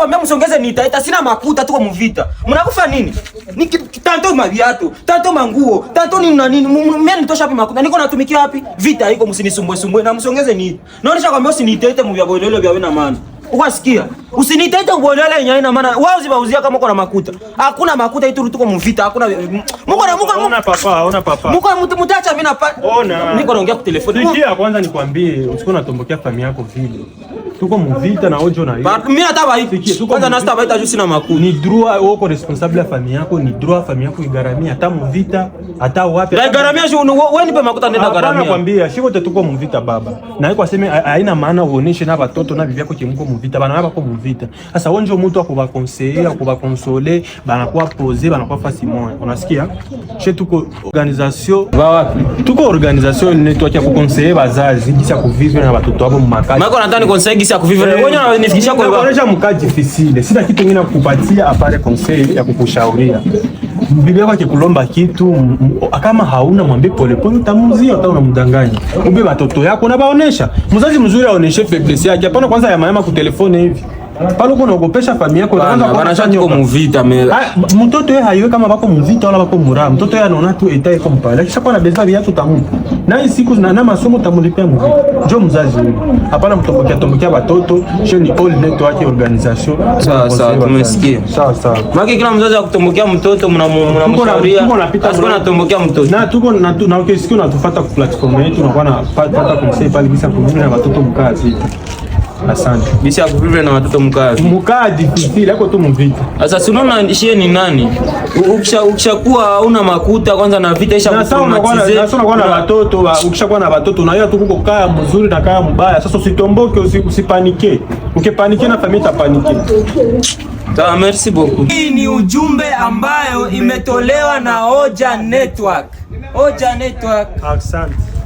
wambia msongeze nita ita sina makuta tuko mvita. Mnakufa nini? Ni tanto maviatu, tanto manguo, tanto ni na nini? Mimi nitosha wapi makuta? Niko natumikia wapi? Vita iko msinisumbue sumbue na msongeze nita. Naona nishakwambia usinite ite mvya bolelo vya wena maana. Ukasikia? Usinite ite bolelo ina maana wao zibauzia kama uko na makuta. Hakuna makuta itu tuko mvita, hakuna Mungu na Mungu. Ona papa, ona papa. Mungu mtu mtacha mimi na Ona. Niko naongea kwa telefoni. Sikia kwanza nikwambie, usikuwa unatombokia familia yako vile tuko mvita na ojo na hiyo. Mimi nataka hivi. Kwanza na sitaba hata sina makuu. Ni droit wako responsable ya familia yako, ni droit familia yako igaramia hata mvita hata wapi. Na igaramia sio wewe nipe makuta nenda garamia. Nakwambia, sio wote tuko mvita baba. Na yeye kwaseme haina maana uoneshe na watoto na bibi yako kimko mvita, bana wako mvita. Sasa wewe ndio mtu akuba conseiller, akuba consoler, bana kwa poser, bana kwa fasi moja. Unasikia? She tuko organisation. Baba, tuko organisation ni tuacha ku conseiller bazazi, kisha kuvivre na watoto wao mmakati. Mako nadhani conseiller gisi ya kuviva na wenyewe wananifikisha kwa mkaje fisile. Sina kitu kingine kukupatia apare conseil ya kukushauria. Bibi yako akikulomba kitu kama hauna, mwambie polepole, utamuzia au unamdanganya. Umbe watoto yako unabaonesha. Mzazi mzuri aoneshe faiblesse yake. Hapana kwanza ya mama kutelefone hivi. Pale uko naogopesha familia yako, utaanza kuanasha nyoka muvita me. Mtoto yeye haiwe kama bako muvita wala bako mura. Mtoto yeye anaona tu eta iko mpale. Kisha kwa na beza viatu tamu. Na hii siku na na masomo tamulipia muvita. Jo mzazi huyu. Hapana mtobokia tobokia watoto, sio ni all net wake organization. Sawa sawa tumesikia. Sawa sawa. Maki kila mzazi akutobokia mtoto mnamshauri. Asiko na tobokia mtoto. Na tuko na na ukisikia unatufuata kwa platform yetu unakuwa na pata kumsaidia pale bisa kumjua na watoto mkazi. Asante. Bisi ya kuvivre na watoto mkazi? Mkazi kutila yako tu mvita. Sasa si unaona shie ni nani? Ukisha ukishakuwa una makuta kwanza na vita isha kukumatize. Na Sasa unakuwa na watoto, ukishakuwa na watoto na hiyo tu kuko kaya mzuri na kaya mbaya. Sasa usitomboke, usipanike. Ukipanike na familia itapanike. Ta, merci beaucoup. Hii ni ujumbe ambayo imetolewa na Oja Network. Oja Network. Asante.